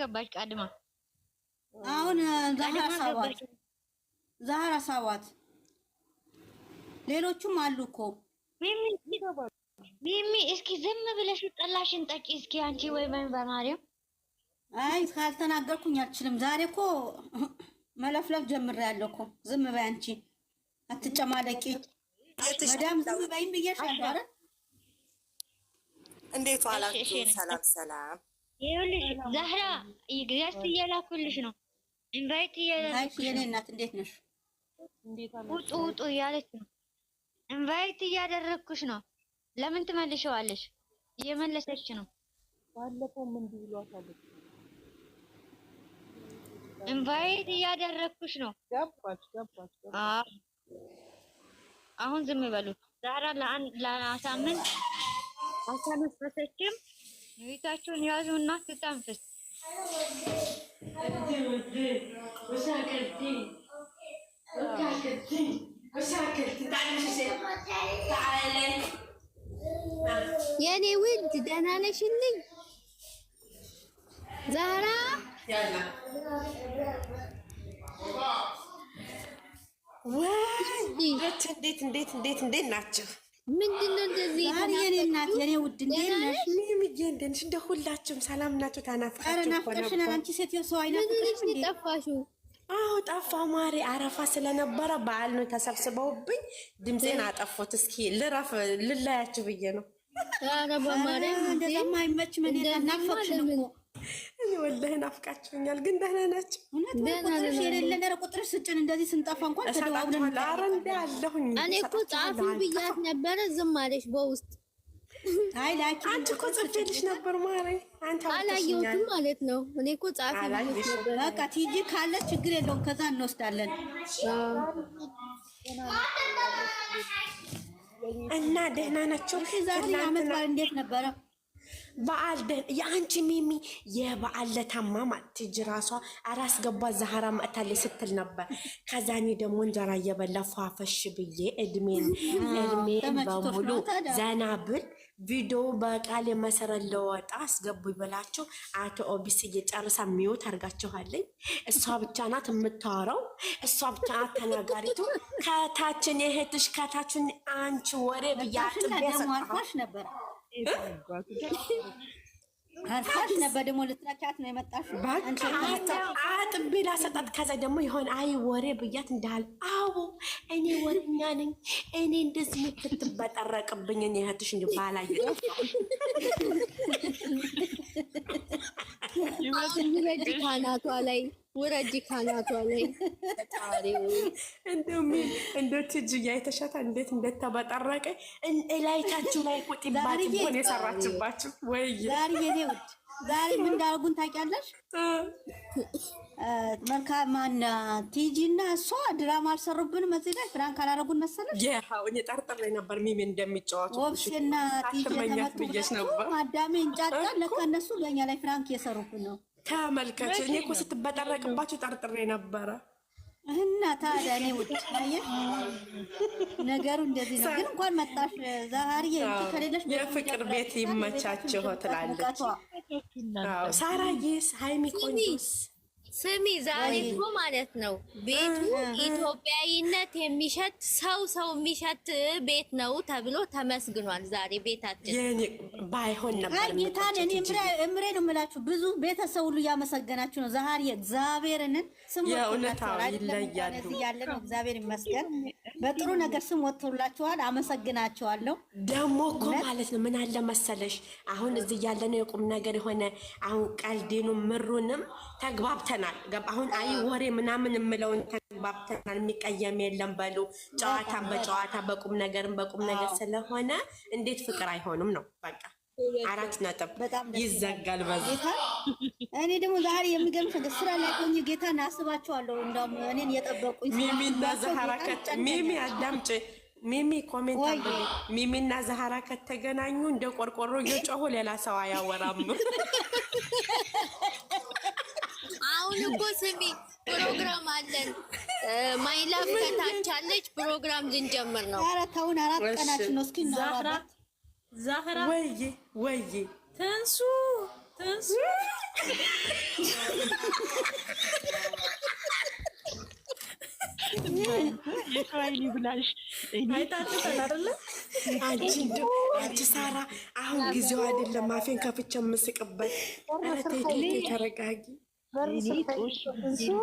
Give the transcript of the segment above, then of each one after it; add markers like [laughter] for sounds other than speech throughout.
ገባች ቀድማ። አሁን ዛህራ ሳዋት ሌሎቹም አሉ እኮ ሚሚ፣ እስኪ ዝም ብለሽ ጠላሽን ጠጪ እስኪ አንቺ። ወይ ምን በማርያም አይ ካልተናገርኩኝ አልችልም። ዛሬ እኮ መለፍለፍ ጀምሬያለሁ እኮ። ዝም በይ አንቺ፣ አትጨማለቂ መዳም። ዝም በይም ብዬሽ አልኳት። እንዴት ዋላችሁ? ሰላም ሰላም ይኸውልሽ ዛህራ ግዛት እየላኩልሽ ነው። ኢንቫይት እያለች የኔ እናት እንዴት ነሽ? ውጡ ውጡ እያለች ነው። ኢንቫይት እያደረግኩሽ ነው። ለምን ትመልሸዋለሽ? እየመለሰች ነው። ባለፈው ምን ብሏታል? ኢንቫይት እያደረግኩሽ ነው። ገባች ገባች። አሁን ዝም በሉ ዛህራ ለአንድ ለሳምንት አሳነፈሰችም ቤታችሁን ያዙና ትጠንፍስ የኔ ውድ ደህና ነሽልኝ? ዛራ እንዴት እንዴት እንዴት እንዴት ናቸው? ምንድነው እንደዚህ ዛሬ የኔ እናት የኔ ውድ እንዴት ነሽ? እንደ ሁላችሁም ሰላም ናቸው። ታናፍቃችሁ ናፍቀሽናል። አንቺ ሴትዮ ሰው አይናፍቅሽም እንዴ? ጠፋሽው? አዎ ጠፋሁ ማሬ። አረፋ ስለነበረ በዓል ነው ተሰብስበውብኝ ድምፄን አጠፉት። እስኪ ልረፍ ልላያችሁ ብዬ ነው። ኧረ በማርያም እንደዛማ አይመችም። እኔ ናፈቅሽን እኮ ወላሂ ናፍቃችሁኛል። ግን ደህና ናቸው። ቁጥርሽ የሌለ ነረ ቁጥርሽ ስጭን። እንደዚህ ስንጠፋ እንኳን ተደዋውለን አለሁኝ። እኔ እኮ ጻፊ ብያት ነበረ፣ ዝም አለሽ በውስጥ አይ ላኪ አንቺ እኮ ጽፌልሽ ነበር ማሬ። አንቺ አላየሁትም ማለት ነው። እኔ እኮ ጻፊ ብያት ነበር። በቃ ቲጂ ካለች ችግር የለውም፣ ከዛ እንወስዳለን እና ደህና ናቸው። ዛሬ አመት በዓል እንዴት ነበረ? በዓል የአንቺ ሚሚ የበዓል ለታማ ማትጅ ራሷ አራስ ገባ ዛህራ መእታሌ ስትል ነበር። ከዛኔ ደግሞ እንጀራ እየበላ ፏፈሽ ብዬ እድሜን እድሜን በሙሉ ዘና ብል ቪዲዮ በቃል የመሰረት ለወጣ አስገቡ ይበላቸው። አቶ ኦቢስ እየጨረሰ ሚዩት አርጋችኋለኝ። እሷ ብቻ ናት የምታወራው፣ እሷ ብቻ ናት ተናጋሪቱ። ከታችን የእህትሽ ከታችን አንቺ ወሬ ብያ ነበር ሀሳብሽ ነበር ደግሞ ልትረቻት ነው የመጣሽው። አጥቤ ላሰጣት። ከዛ ደግሞ የሆነ አይ ወሬ ብያት እንዳል አዎ እኔ ወሬኛ ነኝ። እኔ እንደዚህ ምትትበጠረቅብኝ እኔ እህትሽ እንጂ ባላ ውረጅ ካናቷ ላይ ውረጅ ካናቷ ላይ እንደ ትጅያ የተሻታ እንዴት እንደተበጠረቀ ላይታችሁ ላይ ቁጢባትሆን የሰራችባችሁ ወይ ዛሬ ዛሬ ምን እንዳደረጉን ታውቂያለሽ? መልካ ማና ቲጂ እና እሷ ድራማ አልሰሩብንም። እዚህ ላይ ፍራንክ አላረጉን መሰለሽ። እኔ ጠርጥሬ ነበር ሚሚ እንደሚጫወቱ ወብሽና ቲጂ ነበር ማዳሜ እንጫጫ። ለካ እነሱ ለእኛ ላይ ፍራንክ እየሰሩብን ነው። ተመልከች፣ እኔ እኮ ስትበጠረቅባቸው ጠርጥሬ ነበረ። እና ታዲያ እኔ ውድ ነገሩ እንደዚህ ነው። ግን እንኳን መጣሽ ዛሬዬ፣ ከሌለሽ የፍቅር ቤት ይመቻችሁ ትላለች ሳራዬስ ሀይሚ ቆንጆስ ስሚ ዛሬ እኮ ማለት ነው ቤቱ ኢትዮጵያዊነት የሚሸት ሰው ሰው የሚሸት ቤት ነው ተብሎ ተመስግኗል። ዛሬ ቤታችን ባይሆን ነበር ጌታን እምሬ ነው የምላችሁ። ብዙ ቤተሰብ ሁሉ እያመሰገናችሁ ነው። ዛሬ እግዚአብሔርንን ስም ነው። እግዚአብሔር ይመስገን። በጥሩ ነገር ስም ወጥቶላችኋል። አመሰግናችኋለሁ። ደግሞ እኮ ማለት ነው ምን አለ መሰለሽ አሁን እዚህ ያለነው የቁም ነገር የሆነ አሁን ቀልዴኑ ምሩንም ተግባብተናል። አሁን አይ ወሬ ምናምን የምለውን ተግባብተናል። የሚቀየም የለም በሉ ጨዋታን በጨዋታ በቁም ነገርን በቁም ነገር ስለሆነ እንዴት ፍቅር አይሆንም ነው። በቃ አራት ነጥብ ይዘጋል። በዛ እኔ ደግሞ ዛሬ የሚገርምሽ ነገር ስራ ላይ ቆኝ ጌታ አስባቸዋለሁ። እንደውም እኔን የጠበቁኝ ሚሚና ዛህራ ሚሚ አዳምጭ ሚሚ ኮሜንት ሚሚና ዛህራ ከተገናኙ እንደ ቆርቆሮ እየጮሁ ሌላ ሰው አያወራም። [laughs] አሁን እኮ ስሚ ፕሮግራም አለን። ማይላፍ ከታች አለች። ፕሮግራም ልንጀምር ነው። ኧረ ተውን፣ አራት ቀናችን ነው። እስኪ ዛህራ ወይዬ ወይዬ ተንሱ ተንሱ የክራይኒ ብላሽ አንቺ ሳራ አሁን ጊዜው አይደለም። አፌን ከፍቼ የምስቅበት። ተረጋጊ።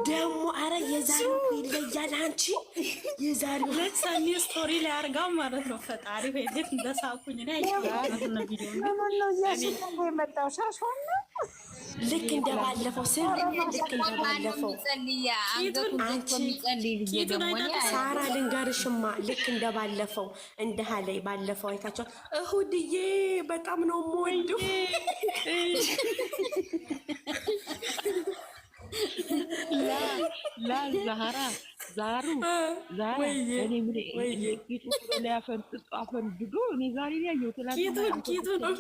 ደግሞ አረ የዛሬው ይለያል። አንቺ የዛሬው ሁለት ስቶሪ ላይ አርጋው ማለት ነው። ፈጣሪ ቤት እንደሳቁኝ ልክ እንደባለፈው ስም ልክ እንደባለፈው ሳራ ልንገርሽማ፣ ልክ እንደባለፈው እንደ ሀለይ ባለፈው አይታቸው እሁድዬ በጣም ነው የምወደው ላ ዛራ ዛሩ ዛራ ላይ አፈንጥጦ አፈንድዶ እኔ ዛሬ ያየው ትላንት ነው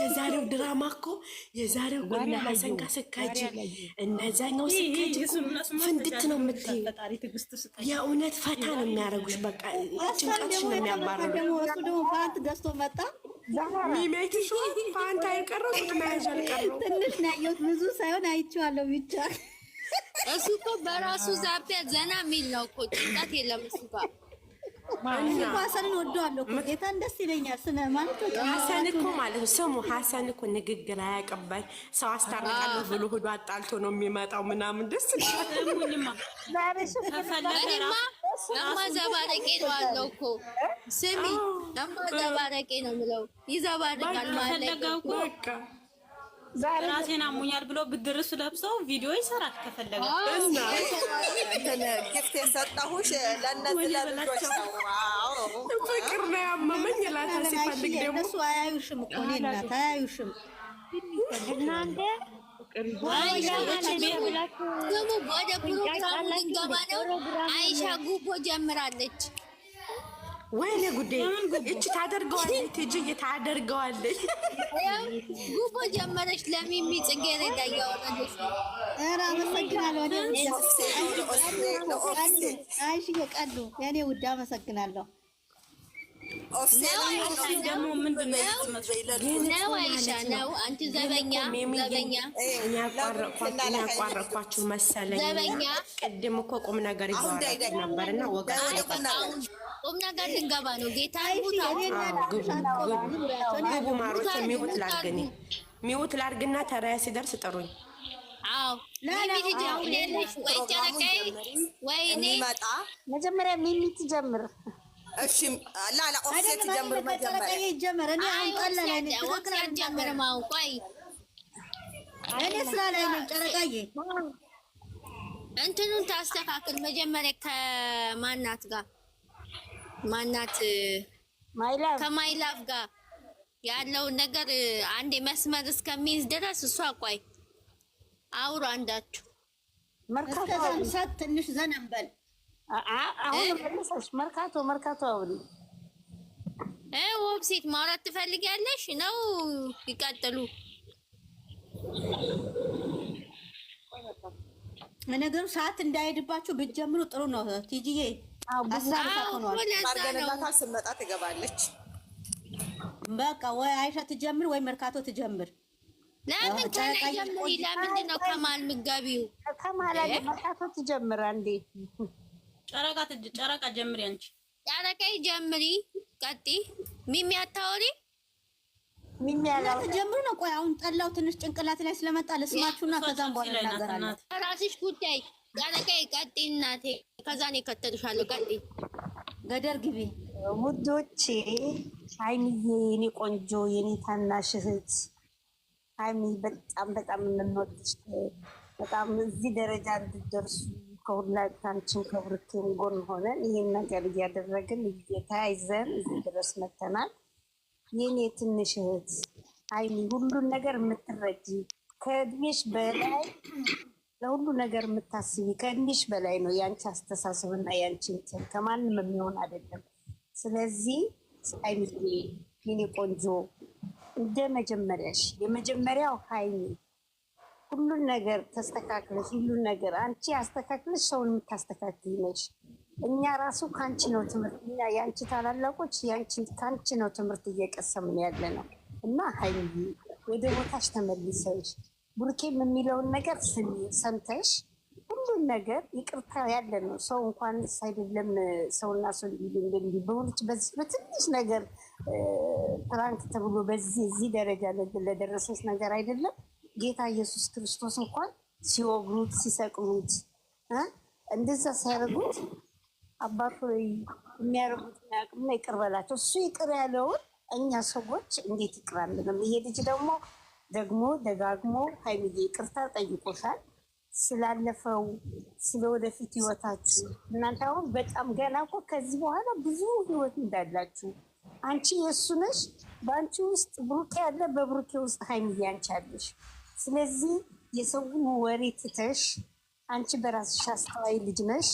የዛሬው ድራማ እኮ የዛሬው ጎና ሀሰን ጋር ስካጅ እነዛኛው ስካጅ ፍንድት ነው የምትይው። የእውነት ፈታ ነው የሚያደርጉሽ። በቃ ጭንቀትሽ ነው ደግሞ ገዝቶ መጣ ሚሜኪሾ ፓንታ የቀረው መያዣ አልቀረው ትንሽ ነው ያየሁት፣ ብዙ ሳይሆን አይቼዋለሁ ብቻ። እሱ እኮ በራሱ ዛቢያ ዘና የሚል ነው እኮ ጭንቀት የለም እሱ ጋር ሀሰንን ወደዋለሁ እኮ ጌታን ደስ ይለኛል። ስነ ማለት ሀሰን እኮ ማለት ስሙ ሀሰን እኮ ንግግር አያቀባይ ሰው አስታርቃለሁ ብሎ ሆዶ አጣልቶ ነው የሚመጣው ምናምን ደስ ለማዘባረቄ ነው አለው እኮ ስሚ ለማዘባረቄ ነው የምለው ይዘባርቃል ማለት ነው ራሴን አሞኛል ብሎ ብድርሱ ለብሶ ቪዲዮ ይሰራል ከፈለገ እና ጊፍት የሰጠሁሽ ለእነዚህ ለልጆች ነው። ፍቅር ነው ያመመኝ ሲፈልግ ደግሞ አያዩሽም እኮ እኔ እናት አያዩሽም እናንተ ጉቦ ጀምራለች። ወይኔ ጉዳይ እች ታደርገዋለች፣ ትጅ ታደርገዋለች። ጉቦ ጀመረች። ለሚሚ ጽጌረዳ እያወረደች ራ አመሰግናለሁ። ቀሉ የኔ ውድ አመሰግናለሁ። ነው አይሻ ነው አንቺ ዘበኛ ዘበኛ ያቋረጥኳችሁ መሰለኝ። ቅድም እኮ ቁም ነገር ይዘዋል ነበርና ወጋ ቆምና ጋር ልንገባ ነው። ጌታ ግቡ ማሮች፣ ሚውት ላርግኝ፣ ሚውት ላርግና ተራያ ሲደርስ ጥሩኝ። አዎ መጀመሪያ ሚሚ ትጀምር። እሺ ላላ መጀመሪያ እኔ ቆይ እኔ ስራ ላይ ጨረቃዬ እንትኑን ታስተካክል መጀመሪያ ከማናት ጋር ማናት ከማይላቭ ጋር ያለውን ነገር አንዴ መስመር እስከሚይዝ ድረስ እሷ ቆይ አውሩ። አንዳችሁ መርካቶ ትንሽ ዘና በል። አሁን መልሰሽ መርካቶ መርካቶ አውሪ። ወብሴት ማውራት ትፈልጊያለሽ ነው? ይቀጥሉ ነገሩ ሰዓት እንዳይሄድባችሁ ብትጀምሩ ጥሩ ነው። ቲጂዬ አሳሆኗልርገነጋታ ስመጣ ትገባለች። በቃ ወይ አይሻ ትጀምር ወይ መርካቶ ትጀምር። ለምን ጀምሪ? ለምንድን ነው ከማል ምገቢው? ከማል መርካቶ ትጀምር። አንዴ ጨረቃ ጀምሪ፣ አንቺ ጨረቃ ጀምሪ። ቀጢ ሚሚ አታወሪ ጀምሩ ነው። ቆይ አሁን ጠላው ትንሽ ጭንቅላት ላይ ስለመጣ ልስማችሁና ከዛም በኋላ እናገራለን። ራስሽ ጉዳይ ጨረቃ ቀጤ እናቴ ከዛን የከተልሻለሁ። ቀጤ ገደር ግቢ ውዶቼ። ሀይሚዬ የኔ ቆንጆ የኔ ታናሽ እህት ሀይሚ በጣም በጣም የምንወድሽ በጣም እዚህ ደረጃ እንድደርሱ ከሁላታችን ከብርኬን ጎን ሆነን ይህን ነገር እያደረግን ተያይዘን እዚህ ድረስ መተናል። የኔ ትንሽ እህት አይኒ ሁሉን ነገር የምትረጂ ከእድሜሽ በላይ ለሁሉ ነገር የምታስቢ ከእድሜሽ በላይ ነው የአንቺ አስተሳሰብና የአንቺ እንትን ከማንም የሚሆን አይደለም። ስለዚህ አይኒ የኔ ቆንጆ እንደ መጀመሪያሽ የመጀመሪያው ሀይኒ ሁሉን ነገር ተስተካክለሽ ሁሉን ነገር አንቺ አስተካክለሽ ሰውን የምታስተካክል ነሽ። እኛ ራሱ ከአንቺ ነው ትምህርት እኛ የአንቺ ታላላቆች ከአንቺ ነው ትምህርት እየቀሰምን ያለ ነው እና ሀይሚ ወደ ቦታሽ ተመልሰሽ ቡርኬም የሚለውን ነገር ሰምተሽ ሁሉን ነገር ይቅርታ ያለ ነው። ሰው እንኳን አይደለም ሰውና ሰው በሁሉች በዚህ በትንሽ ነገር ፕራንክ ተብሎ በዚህ እዚህ ደረጃ ለደረሰች ነገር አይደለም ጌታ ኢየሱስ ክርስቶስ እንኳን ሲወግሩት ሲሰቅሉት እንደዛ ሲያደርጉት አባቶ የሚያደርጉት ያቅም ይቅር በላቸው። እሱ ይቅር ያለውን እኛ ሰዎች እንዴት ይቅራልንም? ይሄ ልጅ ደግሞ ደግሞ ደጋግሞ ሀይሚዬ ይቅርታ ጠይቆሻል። ስላለፈው ስለ ወደፊት ህይወታችሁ እናንተ አሁን በጣም ገና እኮ ከዚህ በኋላ ብዙ ህይወት እንዳላችሁ አንቺ የእሱ ነሽ። በአንቺ ውስጥ ብሩኬ አለ፣ በብሩኬ ውስጥ ሀይሚዬ አንቺ አለሽ። ስለዚህ የሰውን ወሬ ትተሽ አንቺ በራስሽ አስተዋይ ልጅ ነሽ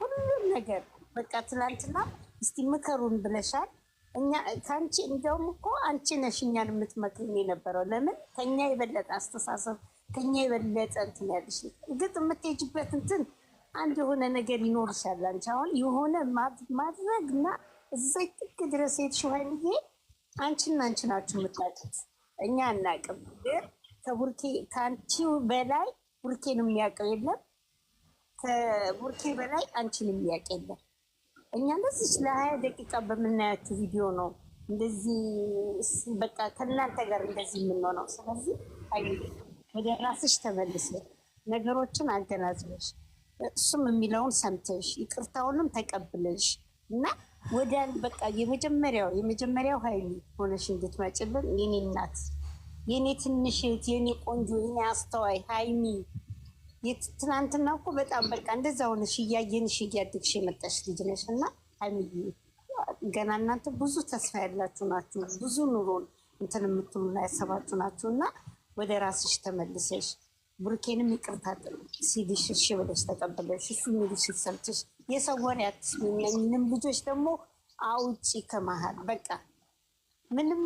ሁሉ ሁሉም ነገር በቃ ትላንትና እስቲ ምከሩን ብለሻል። እኛ ከአንቺ እንዲያውም እኮ አንቺ ነሽ እኛን የምትመክሪን የነበረው። ለምን ከኛ የበለጠ አስተሳሰብ ከኛ የበለጠ እንትን ያለሽ። እርግጥ የምትሄጅበት እንትን አንድ የሆነ ነገር ይኖርሻል። አንቺ አሁን የሆነ ማድረግ እና እዛ ጥግ ድረስ የተሸዋል። ይሄ አንቺና አንቺ ናችሁ የምታውቁት፣ እኛ አናውቅም። ግን ከቡርኬ ከአንቺ በላይ ቡርኬን የሚያውቀው የለም ከቡርኬ በላይ አንቺን የሚያውቅ የለም። እኛ እንደዚህ ለሀያ ደቂቃ በምናያችሁ ቪዲዮ ነው እንደዚህ በቃ ከእናንተ ጋር እንደዚህ የምንሆነው። ስለዚህ አይ ወደ ራስሽ ተመልሰ ነገሮችን አገናዝበሽ እሱም የሚለውን ሰምተሽ ይቅርታውንም ተቀብለሽ እና ወደ በቃ የመጀመሪያው የመጀመሪያው ሀይል ሆነሽ እንድትመጭልን የኔ እናት፣ የኔ ትንሽት፣ የኔ ቆንጆ፣ የኔ አስተዋይ ሀይሚ ትናንትና እኮ በጣም በቃ እንደዛ ሆነሽ እያየንሽ እያደግሽ የመጣሽ ልጅ ነሽ እና ሀይሚዬ ገና እናንተ ብዙ ተስፋ ያላችሁ ናችሁ። ብዙ ኑሮን እንትን የምትሉና ያሰባችሁ ናችሁ እና ወደ ራስሽ ተመልሰሽ ብሩኬንም ይቅርታ ሲልሽ እሺ ብለሽ ተቀበለሽ እሱ የሚልሽ ሲሰልችሽ የሰው ወሬ አትስሚኝም። ልጆች ደግሞ አውጪ ከመሀል በቃ ምንም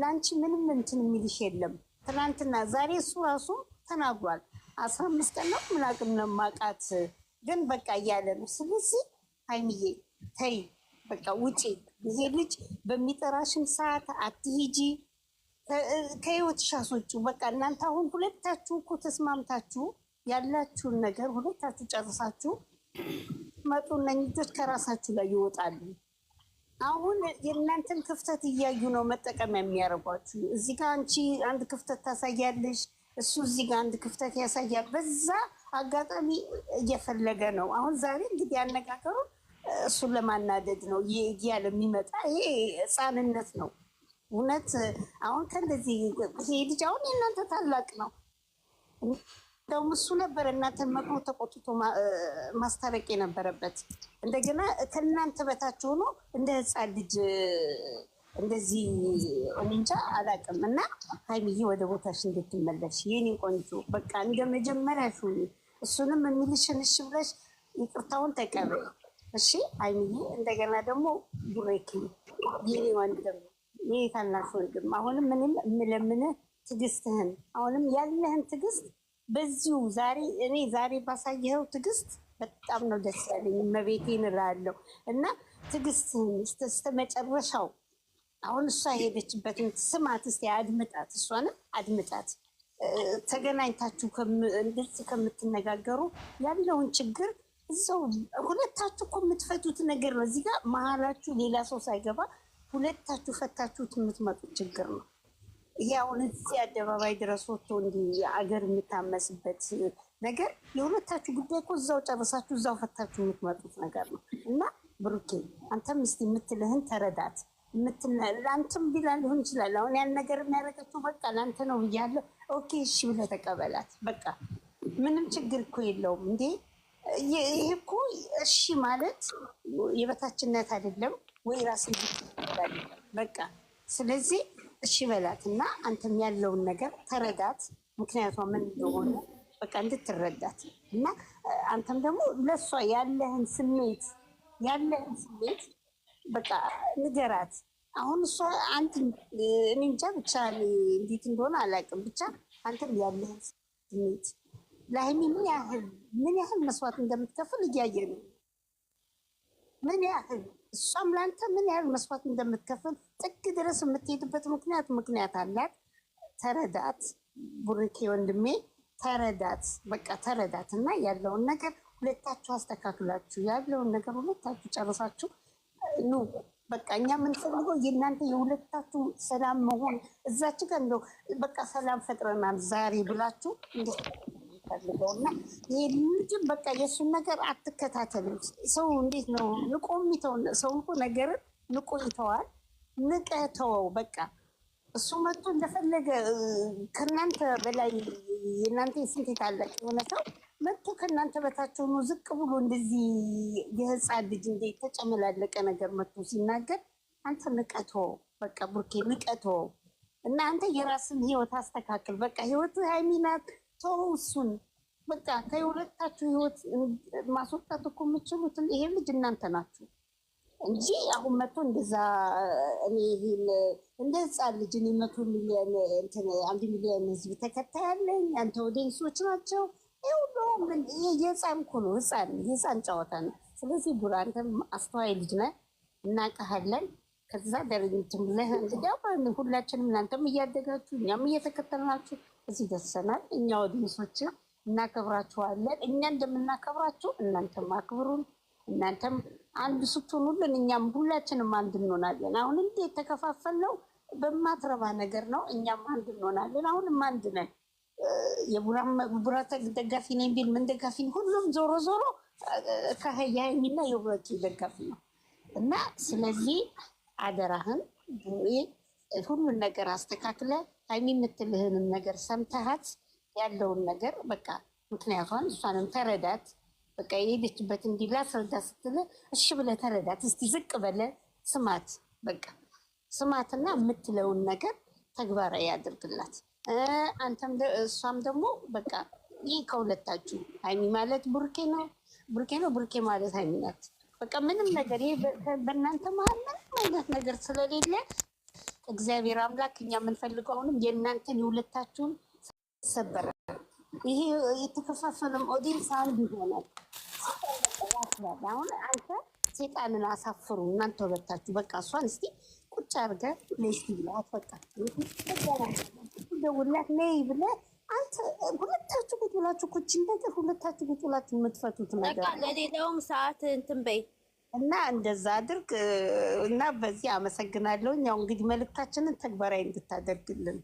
ለአንቺ ምንም እንትን የሚልሽ የለም። ትናንትና ዛሬ እሱ ራሱ ተናግሯል። አስራ አምስት ቀን ነው ምናቅም ነው ማቃት ግን በቃ እያለ ነው። ስለዚህ ሀይሚዬ ተይ በቃ ውጪ። ይሄ ልጅ በሚጠራሽም ሰዓት አትሂጂ፣ ከህይወትሽ አስወጪው። በቃ እናንተ አሁን ሁለታችሁ እኮ ተስማምታችሁ ያላችሁን ነገር ሁለታችሁ ጨርሳችሁ መጡ። እነኝ ልጆች ከራሳችሁ ላይ ይወጣሉ። አሁን የእናንተን ክፍተት እያዩ ነው መጠቀም የሚያደርጓችሁ። እዚህ ጋር አንቺ አንድ ክፍተት ታሳያለሽ እሱ እዚህ ጋር አንድ ክፍተት ያሳያል። በዛ አጋጣሚ እየፈለገ ነው። አሁን ዛሬ እንግዲህ ያነጋገሩ እሱን ለማናደድ ነው እያለ የሚመጣ ይሄ ህፃንነት ነው። እውነት አሁን ከእንደዚህ ይሄ ልጅ አሁን የእናንተ ታላቅ ነው። እንደውም እሱ ነበር እናንተን መክሮ ተቆጥቶ ማስታረቅ የነበረበት። እንደገና ከእናንተ በታች ሆኖ እንደ ህፃን ልጅ እንደዚህ እንጃ አላውቅም። እና ሀይሚዬ ወደ ቦታሽ እንድትመለሽ የኔ ቆንጆ በቃ እንደ መጀመሪያ ሁኚ። እሱንም የሚልሽን እሺ ብለሽ ይቅርታውን ተቀበይ። እሺ ሀይሚዬ። እንደገና ደግሞ ቡሬኪ የኔ ወንድም፣ ይህ ታናሽ ወንድም፣ አሁንም ምንም የምለምን ትግስትህን አሁንም ያለህን ትግስት በዚሁ ዛሬ እኔ ዛሬ ባሳየኸው ትግስት በጣም ነው ደስ ያለኝ። መቤቴን እላለሁ እና ትግስትህን እስከ መጨረሻው አሁን እሷ የሄደችበት ስማት እስኪ አድምጣት፣ እሷንም አድምጣት። ተገናኝታችሁ እንደዚ ከምትነጋገሩ ያለውን ችግር እዛው ሁለታችሁ እኮ የምትፈቱት ነገር ነው። እዚህ ጋር መሀላችሁ ሌላ ሰው ሳይገባ ሁለታችሁ ፈታችሁት የምትመጡት ችግር ነው። ይሄ አሁን እዚህ አደባባይ ድረስ ወጥቶ እንዲህ አገር የምታመስበት ነገር የሁለታችሁ ጉዳይ እኮ እዛው ጨርሳችሁ እዛው ፈታችሁ የምትመጡት ነገር ነው እና ብሩኬ አንተም እስኪ የምትልህን ተረዳት። ለአንተም ቢላ ሊሆን ይችላል። አሁን ያን ነገር የሚያደርገችው በቃ ለአንተ ነው ብያለሁ። ኦኬ እሺ ብለ ተቀበላት። በቃ ምንም ችግር እኮ የለውም እንዴ። ይህ እኮ እሺ ማለት የበታችነት አይደለም ወይ ራስ በቃ። ስለዚህ እሺ በላት እና አንተም ያለውን ነገር ተረዳት። ምክንያቷ ምን እንደሆነ በቃ እንድትረዳት እና አንተም ደግሞ ለእሷ ያለህን ስሜት ያለህን ስሜት በቃ ንገራት። አሁን እሷ አንድ እኔ እንጃ ብቻ እንዴት እንደሆነ አላውቅም። ብቻ አንተም ያለህ ስሜት ለሀይሚ ምን ያህል ምን ያህል መስዋዕት እንደምትከፍል እያየ ነው። ምን ያህል እሷም ለአንተ ምን ያህል መስዋዕት እንደምትከፍል ጥግ ድረስ የምትሄድበት ምክንያት ምክንያት አላት። ተረዳት ቡርኬ ወንድሜ ተረዳት። በቃ ተረዳት እና ያለውን ነገር ሁለታችሁ አስተካክላችሁ ያለውን ነገር ሁለታችሁ ጨርሳችሁ ኑ በቃ እኛ የምንፈልገው የእናንተ የሁለታችሁ ሰላም መሆን እዛች ጋር እንደው በቃ ሰላም ፈጥረናል ዛሬ ብላችሁ እንፈልገው እና ልጅም በቃ የእሱን ነገር አትከታተልም። ሰው እንዴት ነው ንቆ የሚተው? ሰው እኮ ነገርን ንቆ ይተዋል። ንቀህ በቃ እሱ መጥቶ እንደፈለገ ከእናንተ በላይ የእናንተ የስንት የታለቅ የሆነ ሰው መጥቶ ከእናንተ በታች ሆኖ ዝቅ ብሎ እንደዚህ የህፃን ልጅ እንደ ተጨመላለቀ ነገር መጥቶ ሲናገር አንተ ንቀቶ በቃ ቡርኬ ንቀቶ እና አንተ የራስን ህይወት አስተካክል። በቃ ህይወቱ ሃይሚናት ተው እሱን በቃ ከሁለታችሁ ህይወት ማስወጣት እኮ የምችሉት ይሄ ልጅ እናንተ ናችሁ እንጂ አሁን መጥቶ እንደዛ እኔ እንደ ህፃን ልጅ እኔ መቶ ሚሊዮን አንድ ሚሊዮን ህዝብ ተከታይ አለኝ። አንተ ወደ እንሶች ናቸው ይኸውልህ ምን የህፃን እኮ ነው ህፃን የህፃን ጨዋታ ነው። ስለዚህ ቡራ አንተም አስተዋይ ልጅ ነህ፣ እናውቅሃለን። ከዛ ደረጃችን ብለህ እንግዲህ ሁላችንም እናንተም እያደጋችሁ እኛም እየተከተልናችሁ እዚህ ደርሰናል። እኛ ወዲንሶች እናከብራችኋለን። እኛ እንደምናከብራችሁ እናንተም አክብሩን። እናንተም አንድ ስትሆን እኛም ሁላችንም አንድ እንሆናለን። አሁን ተከፋፈል የተከፋፈልነው በማትረባ ነገር ነው። እኛም አንድ እንሆናለን። አሁንም አንድ ነን። የቡና ደጋፊ ነኝ ቢል ምን ደጋፊ ሁሉም ዞሮ ዞሮ ከሀያኝና የሁለቱ ደጋፊ ነው እና ስለዚህ አደራህን ሁሉን ነገር አስተካክለ ሀይሚ የምትልህንም ነገር ሰምተሃት ያለውን ነገር በቃ ምክንያቷን እሷንም ተረዳት። በቃ የሄደችበት እንዲላ ስረዳ ስትል እሺ ብለ ተረዳት። እስቲ ዝቅ በለ ስማት፣ በቃ ስማትና የምትለውን ነገር ተግባራዊ ያድርግላት። አንተም እሷም ደግሞ በቃ ይህ ከሁለታችሁ ሀይሚ ማለት ቡርኬ ነው፣ ቡርኬ ነው፣ ቡርኬ ማለት ሀይሚ ናት። በቃ ምንም ነገር ይሄ በእናንተ መሀል ምንም አይነት ነገር ስለሌለ እግዚአብሔር አምላክ እኛ የምንፈልገው አሁንም የእናንተን የሁለታችሁን ሰበረ። ይሄ የተከፋፈለም ኦዲንስ አንድ ይሆናል። አሁን አንተ ሴጣንን አሳፍሩ እናንተ ሁለታችሁ በቃ እሷን እስቲ ቁጭ አድርገህ ለስቲ ብላት በቃ ደውላት ነይ ብለህ አንተ ሁለታችሁ ቁጭ ብላችሁ ኩችን ነገር ሁለታችሁ ቁጭ ብላችሁ የምትፈቱት ነገር ለሌላውም ሰዓት እንትን በይ እና እንደዛ አድርግ እና በዚህ አመሰግናለሁ። ያው እንግዲህ መልእክታችንን ተግባራዊ እንድታደርግልን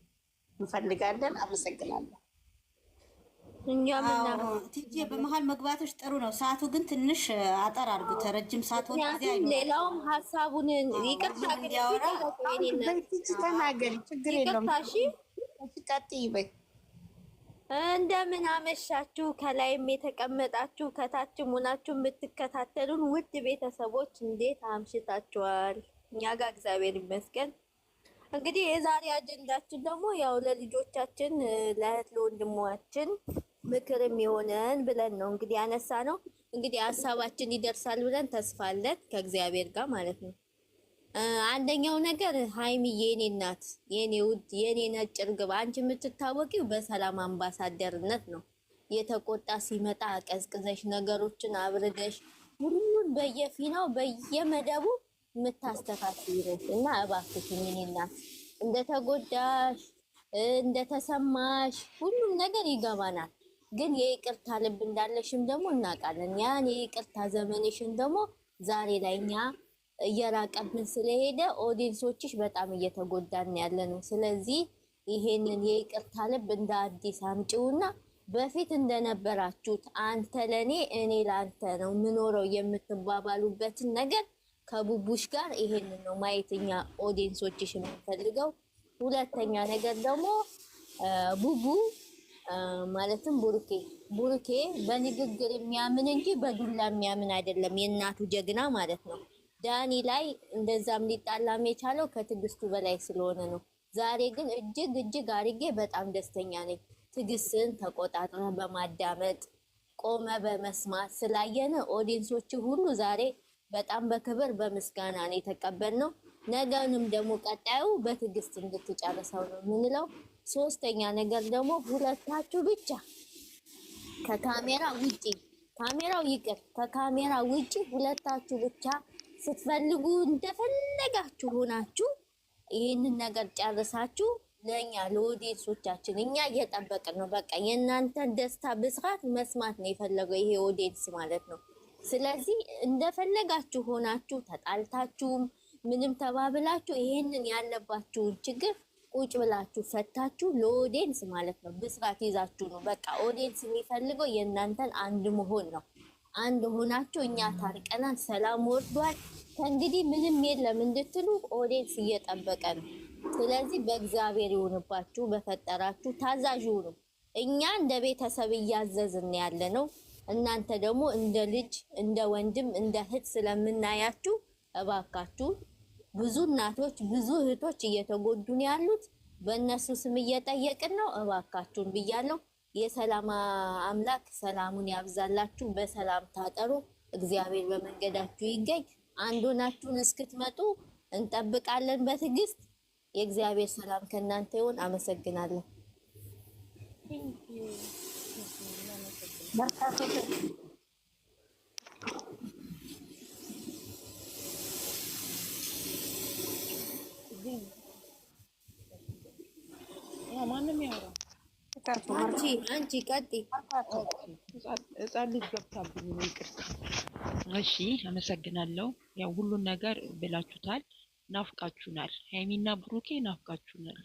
እንፈልጋለን። አመሰግናለሁ። እኛም ትጄ በመሀል መግባቶች ጥሩ ነው። ሰዓቱ ግን ትንሽ አጠር አድርጉት። ረጅም ሰዓት ሌላውም ሀሳቡን ይቅርታ፣ ያወራ ተናገሪ፣ ችግር የለውም። እንደምን አመሻችሁ። ከላይም የተቀመጣችሁ ከታችም ሆናችሁ የምትከታተሉን ውድ ቤተሰቦች እንዴት አምሽታችኋል? እኛ ጋር እግዚአብሔር ይመስገን። እንግዲህ የዛሬ አጀንዳችን ደግሞ ያው ለልጆቻችን ለእህት ለወንድሟችን ምክርም የሆነን ብለን ነው እንግዲህ ያነሳ ነው። እንግዲህ ሀሳባችን ይደርሳል ብለን ተስፋ አለን ከእግዚአብሔር ጋር ማለት ነው። አንደኛው ነገር ሀይሚ የኔ እናት የኔ ውድ የኔ ነጭ እርግብ፣ አንቺ የምትታወቂው በሰላም አምባሳደርነት ነው። የተቆጣ ሲመጣ ቀዝቅዘሽ ነገሮችን አብርደሽ ሁሉን በየፊናው በየመደቡ የምታስተካክል እና እባክሽ የኔ እናት እንደተጎዳሽ እንደተሰማሽ ሁሉም ነገር ይገባናል። ግን የይቅርታ ልብ እንዳለሽም ደግሞ እናውቃለን። ያን የይቅርታ ዘመንሽን ደግሞ ዛሬ ላይ እኛ እየራቀብን ስለሄደ ኦዲንሶችሽ በጣም እየተጎዳን ያለ ነው። ስለዚህ ይሄንን የይቅርታ ልብ እንደ አዲስ አምጪውና በፊት እንደነበራችሁት አንተ ለኔ እኔ ለአንተ ነው ምኖረው የምትባባሉበትን ነገር ከቡቡሽ ጋር ይሄንን ነው ማየትኛ ኦዲንሶችሽ የምንፈልገው። ሁለተኛ ነገር ደግሞ ቡቡ ማለትም ቡሩኬ ቡሩኬ በንግግር የሚያምን እንጂ በዱላ የሚያምን አይደለም፣ የእናቱ ጀግና ማለት ነው። ዳኒ ላይ እንደዛም ሊጣላም የቻለው ከትዕግስቱ በላይ ስለሆነ ነው። ዛሬ ግን እጅግ እጅግ አርጌ በጣም ደስተኛ ነኝ። ትዕግስትን ተቆጣጥረ በማዳመጥ ቆመ በመስማት ስላየነ ኦዲንሶች ሁሉ ዛሬ በጣም በክብር በምስጋና ነው የተቀበልነው። ነገንም ደግሞ ቀጣዩ በትዕግስት እንድትጨርሰው ነው የምንለው። ሶስተኛ ነገር ደግሞ ሁለታችሁ ብቻ ከካሜራ ውጪ ካሜራው ይቅር፣ ከካሜራ ውጪ ሁለታችሁ ብቻ ስትፈልጉ እንደፈለጋችሁ ሆናችሁ ይህንን ነገር ጨርሳችሁ ለእኛ ለኦዲየንሶቻችን እኛ እየጠበቅን ነው። በቃ የእናንተን ደስታ ብስራት መስማት ነው የፈለገው ይሄ ኦዲየንስ ማለት ነው። ስለዚህ እንደፈለጋችሁ ሆናችሁ ተጣልታችሁም ምንም ተባብላችሁ ይህንን ያለባችሁን ችግር ቁጭ ብላችሁ ፈታችሁ ለኦዲየንስ ማለት ነው ብስራት ይዛችሁ ነው። በቃ ኦዲየንስ የሚፈልገው የእናንተን አንድ መሆን ነው። አንድ ሆናችሁ እኛ ታርቀናል፣ ሰላም ወርዷል፣ ከእንግዲህ ምንም የለም እንድትሉ ኦዴንስ እየጠበቀ ነው። ስለዚህ በእግዚአብሔር ይሁንባችሁ፣ በፈጠራችሁ ታዛዥ ሁኑ። እኛ እንደ ቤተሰብ እያዘዝን ያለ ነው። እናንተ ደግሞ እንደ ልጅ፣ እንደ ወንድም፣ እንደ እህት ስለምናያችሁ እባካችሁ ብዙ እናቶች ብዙ እህቶች እየተጎዱን ያሉት በእነሱ ስም እየጠየቅን ነው። እባካችሁን ብያለሁ። የሰላም አምላክ ሰላሙን ያብዛላችሁ። በሰላም ታጠሩ። እግዚአብሔር በመንገዳችሁ ይገኝ። አንዱ ናችሁን እስክትመጡ እንጠብቃለን በትዕግስት። የእግዚአብሔር ሰላም ከእናንተ ይሁን። አመሰግናለሁ። ማንም ያወራል አንቺ ቀጥይ። ህፃን ልጅ ገብታብኝ ነው ይቅርታ። እሺ አመሰግናለሁ። ያው ሁሉን ነገር ብላችሁታል። ናፍቃችሁናል። ሀይሚና ብሩኬ ናፍቃችሁናል።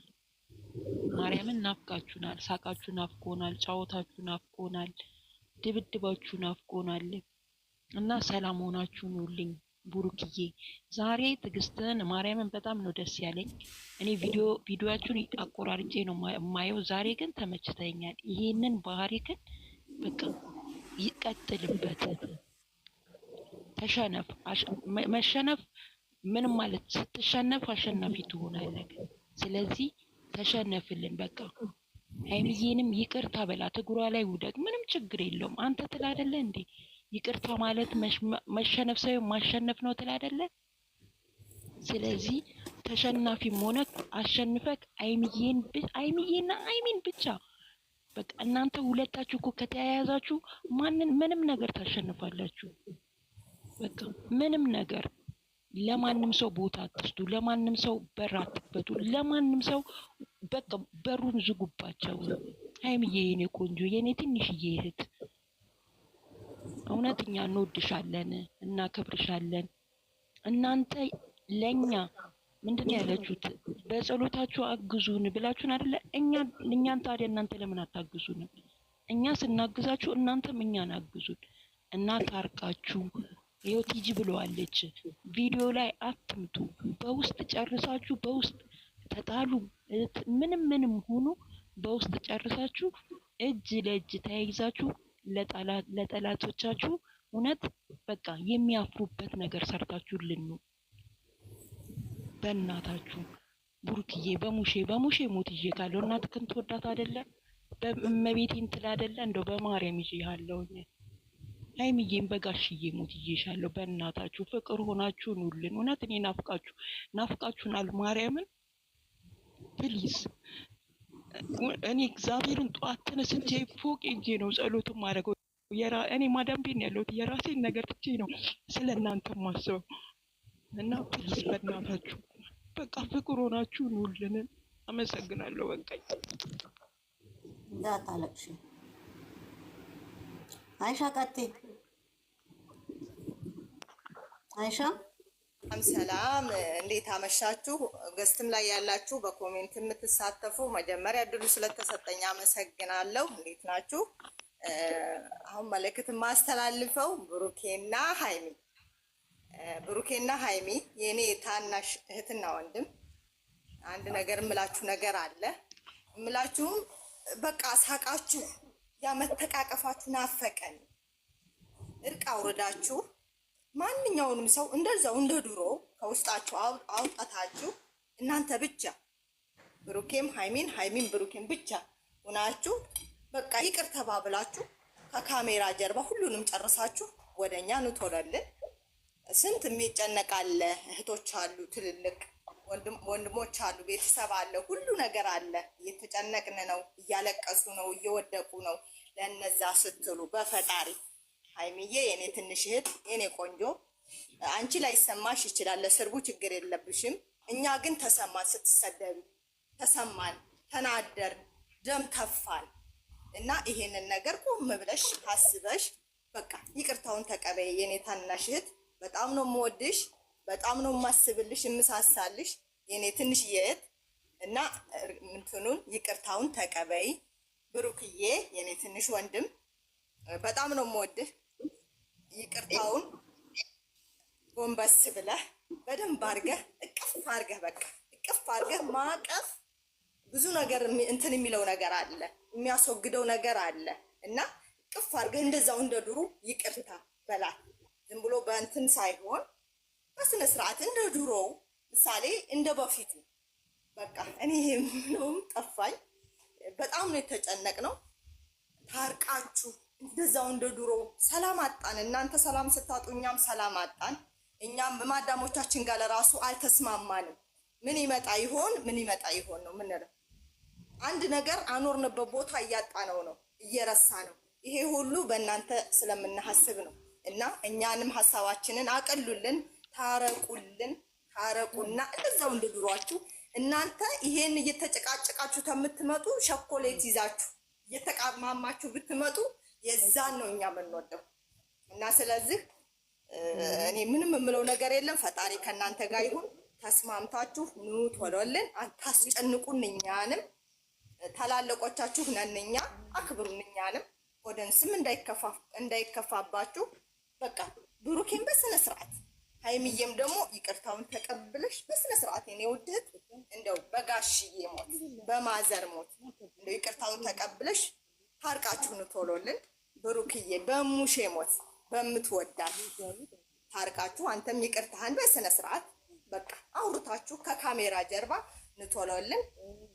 ማርያምን ናፍቃችሁናል። ሳቃችሁ ናፍቆናል። ጫወታችሁ ናፍቆናል። ድብድባችሁ ናፍቆናል እና ሰላም ሆናችሁ ኑልኝ። ቡሩክዬ ዛሬ ትዕግስትን ማርያምን በጣም ነው ደስ ያለኝ። እኔ ቪዲዮ ቪዲዮያችሁን አቆራርጬ ነው የማየው። ዛሬ ግን ተመችተኛል። ይሄንን ባህሪ ግን በቃ ይቀጥልበት። ተሸነፍ። መሸነፍ ምንም ማለት ስትሸነፍ አሸናፊ ትሆናለህ። ስለዚህ ተሸነፍልን በቃ ሃይሚዬንም ይቅርታ በላት፣ እግሯ ላይ ውደቅ። ምንም ችግር የለውም። አንተ ትላለህ እንዴ ይቅርታ ማለት መሸነፍ ሳይሆን ማሸነፍ ነው ትል አይደለ? ስለዚህ ተሸናፊም ሆነ አሸንፈክ አይምዬን አይምዬና አይሚን ብቻ በቃ እናንተ ሁለታችሁ እኮ ከተያያዛችሁ ማንን ምንም ነገር ታሸንፋላችሁ። በቃ ምንም ነገር ለማንም ሰው ቦታ አትስጡ፣ ለማንም ሰው በር አትበጡ፣ ለማንም ሰው በቃ በሩን ዝጉባቸው። አይምዬ የኔ ቆንጆ የኔ ትንሽዬ እህት እውነት እኛ እንወድሻለን፣ እናከብርሻለን። እናንተ ለእኛ ምንድን ነው ያለችሁት? በጸሎታችሁ አግዙን ብላችሁን አይደለ? እኛ እኛን ታዲያ እናንተ ለምን አታግዙንም? እኛ ስናግዛችሁ እናንተም እኛን አግዙን እና ታርቃችሁ ይኸው ቲጂ ብለዋለች። ቪዲዮ ላይ አትምቱ። በውስጥ ጨርሳችሁ በውስጥ ተጣሉ፣ ምንም ምንም ሁኑ፣ በውስጥ ጨርሳችሁ እጅ ለእጅ ተያይዛችሁ ለጠላቶቻችሁ እውነት በቃ የሚያፍሩበት ነገር ሰርታችሁ ልኑ በእናታችሁ ቡርክዬ፣ በሙሼ በሙሼ ሞት ሞትዬ ካለው ክንት ወዳት አደለ በእመቤቴን ትል አደለ እንደው በማርያም ይዤ ያለው ሀይሚዬም በጋሽዬ ሞትዬ ይሻለሁ። በእናታችሁ ፍቅር ሆናችሁ ኑልን። እውነት እኔ ናፍቃችሁ ናፍቃችሁናል። ማርያምን ፕሊዝ እኔ እግዚአብሔርን ጠዋት ተነስቼ ፎቅ ሄጄ ነው ጸሎትን ማድረገው። እኔ ማዳም ቤት ነው ያለሁት። የራሴን ነገር ትቼ ነው ስለ እናንተ ማስበው እና ፕሊዝ በእናታችሁ በቃ ፍቅር ሆናችሁ ኑልንን። አመሰግናለሁ። በቃ እንዳታለቅሽ አይሻ ቀጤ አይሻ ሰላም እንዴት አመሻችሁ? ገስትም ላይ ያላችሁ በኮሜንት የምትሳተፉ መጀመሪያ እድሉ ስለተሰጠኝ አመሰግናለሁ። እንዴት ናችሁ? አሁን መልእክት የማስተላልፈው ብሩኬና ሀይሚ ብሩኬና ሀይሚ የእኔ ታናሽ እህትና ወንድም፣ አንድ ነገር እምላችሁ ነገር አለ። እምላችሁም በቃ ሳቃችሁ ያመተቃቀፋችሁ ናፈቀን፣ እርቅ አውርዳችሁ ማንኛውንም ሰው እንደዛው እንደ ድሮ ከውስጣችሁ አውጣታችሁ እናንተ ብቻ ብሩኬም ሃይሚን ሃይሚን ብሩኬም ብቻ ሆናችሁ በቃ ይቅር ተባብላችሁ ከካሜራ ጀርባ ሁሉንም ጨርሳችሁ ወደኛ ንቶለልን። ስንት የሚጨነቃለ እህቶች አሉ፣ ትልልቅ ወንድሞች አሉ፣ ቤተሰብ አለ፣ ሁሉ ነገር አለ። እየተጨነቅን ነው፣ እያለቀሱ ነው፣ እየወደቁ ነው። ለነዛ ስትሉ በፈጣሪ ሀይሚዬ የኔ ትንሽ እህት የኔ ቆንጆ አንቺ ላይ ይሰማሽ ይችላል። ለሰርጉ ችግር የለብሽም። እኛ ግን ተሰማን፣ ስትሰደብ ተሰማን፣ ተናደር፣ ደም ተፋን እና ይሄንን ነገር ቆም ብለሽ አስበሽ በቃ ይቅርታውን ተቀበይ የኔ ታናሽ እህት። በጣም ነው የምወድሽ፣ በጣም ነው የማስብልሽ፣ የምሳሳልሽ የኔ ትንሽዬ እህት እና ምንትኑን ይቅርታውን ተቀበይ ብሩክዬ፣ የኔ ትንሽ ወንድም በጣም ነው የምወድህ። ይቅርታውን ጎንበስ ብለህ በደንብ አድርገህ እቅፍ አድርገህ በቃ እቅፍ አድርገህ ማቀፍ ብዙ ነገር እንትን የሚለው ነገር አለ፣ የሚያስወግደው ነገር አለ እና እቅፍ አድርገህ እንደዛው እንደ ድሩ ይቅርታ በላት። ዝም ብሎ በእንትን ሳይሆን በስነ ስርዓት እንደ ድሮው ምሳሌ እንደ በፊቱ በቃ እኔ ምንም ጠፋኝ። በጣም ነው የተጨነቅ ነው ታርቃችሁ እንደዛው እንደ ድሮ ሰላም አጣን። እናንተ ሰላም ስታጡ እኛም ሰላም አጣን። እኛም በማዳሞቻችን ጋር ለራሱ አልተስማማንም። ምን ይመጣ ይሆን ምን ይመጣ ይሆን ነው ምንለው። አንድ ነገር አኖርንበት ቦታ እያጣነው ነው፣ እየረሳ ነው። ይሄ ሁሉ በእናንተ ስለምናሀስብ ነው። እና እኛንም ሀሳባችንን አቀሉልን፣ ታረቁልን፣ ታረቁና እንደዛው እንደ ድሯችሁ እናንተ ይሄን እየተጨቃጨቃችሁ ከምትመጡ ሸኮሌት ይዛችሁ እየተቃማማችሁ ብትመጡ የዛን ነው እኛ የምንወደው እና ስለዚህ እኔ ምንም የምለው ነገር የለም። ፈጣሪ ከእናንተ ጋር ይሁን። ተስማምታችሁ ኑ ቶሎልን፣ አታስጨንቁን። እኛንም ታላለቆቻችሁ ነን እኛ፣ አክብሩን። እኛንም ወደንስም እንዳይከፋባችሁ። በቃ ብሩኬን በስነ ስርዓት ሀይሚዬም ደግሞ ይቅርታውን ተቀብለሽ በስነ ስርዓት የኔ ውድህት እንደው በጋሽዬ ሞት በማዘር ሞት እንደው ይቅርታውን ተቀብለሽ ታርቃችሁ ቶሎልን። ብሩክዬ በሙሼ ሞት በምትወዳት ታርቃችሁ አንተም ይቅርታህን በስነ ስርዓት በቃ አውርታችሁ ከካሜራ ጀርባ ንቶለልን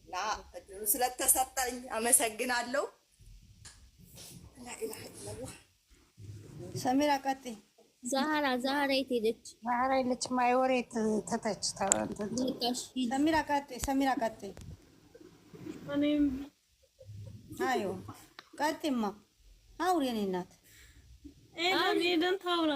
እና እድሉ ስለተሰጠኝ አመሰግናለሁ። ሰሚራ ቀጥ ዛህራ ዛህራ የት ሄደች? ዛህራ የለችም። ማይወሬ ተተች ሰሚራ ቀጥይ። ሰሚራ ቀጥይ። አዩ ቀጥይማ አውሬ ነኝ ናት ኤደን ኤደን ታውራ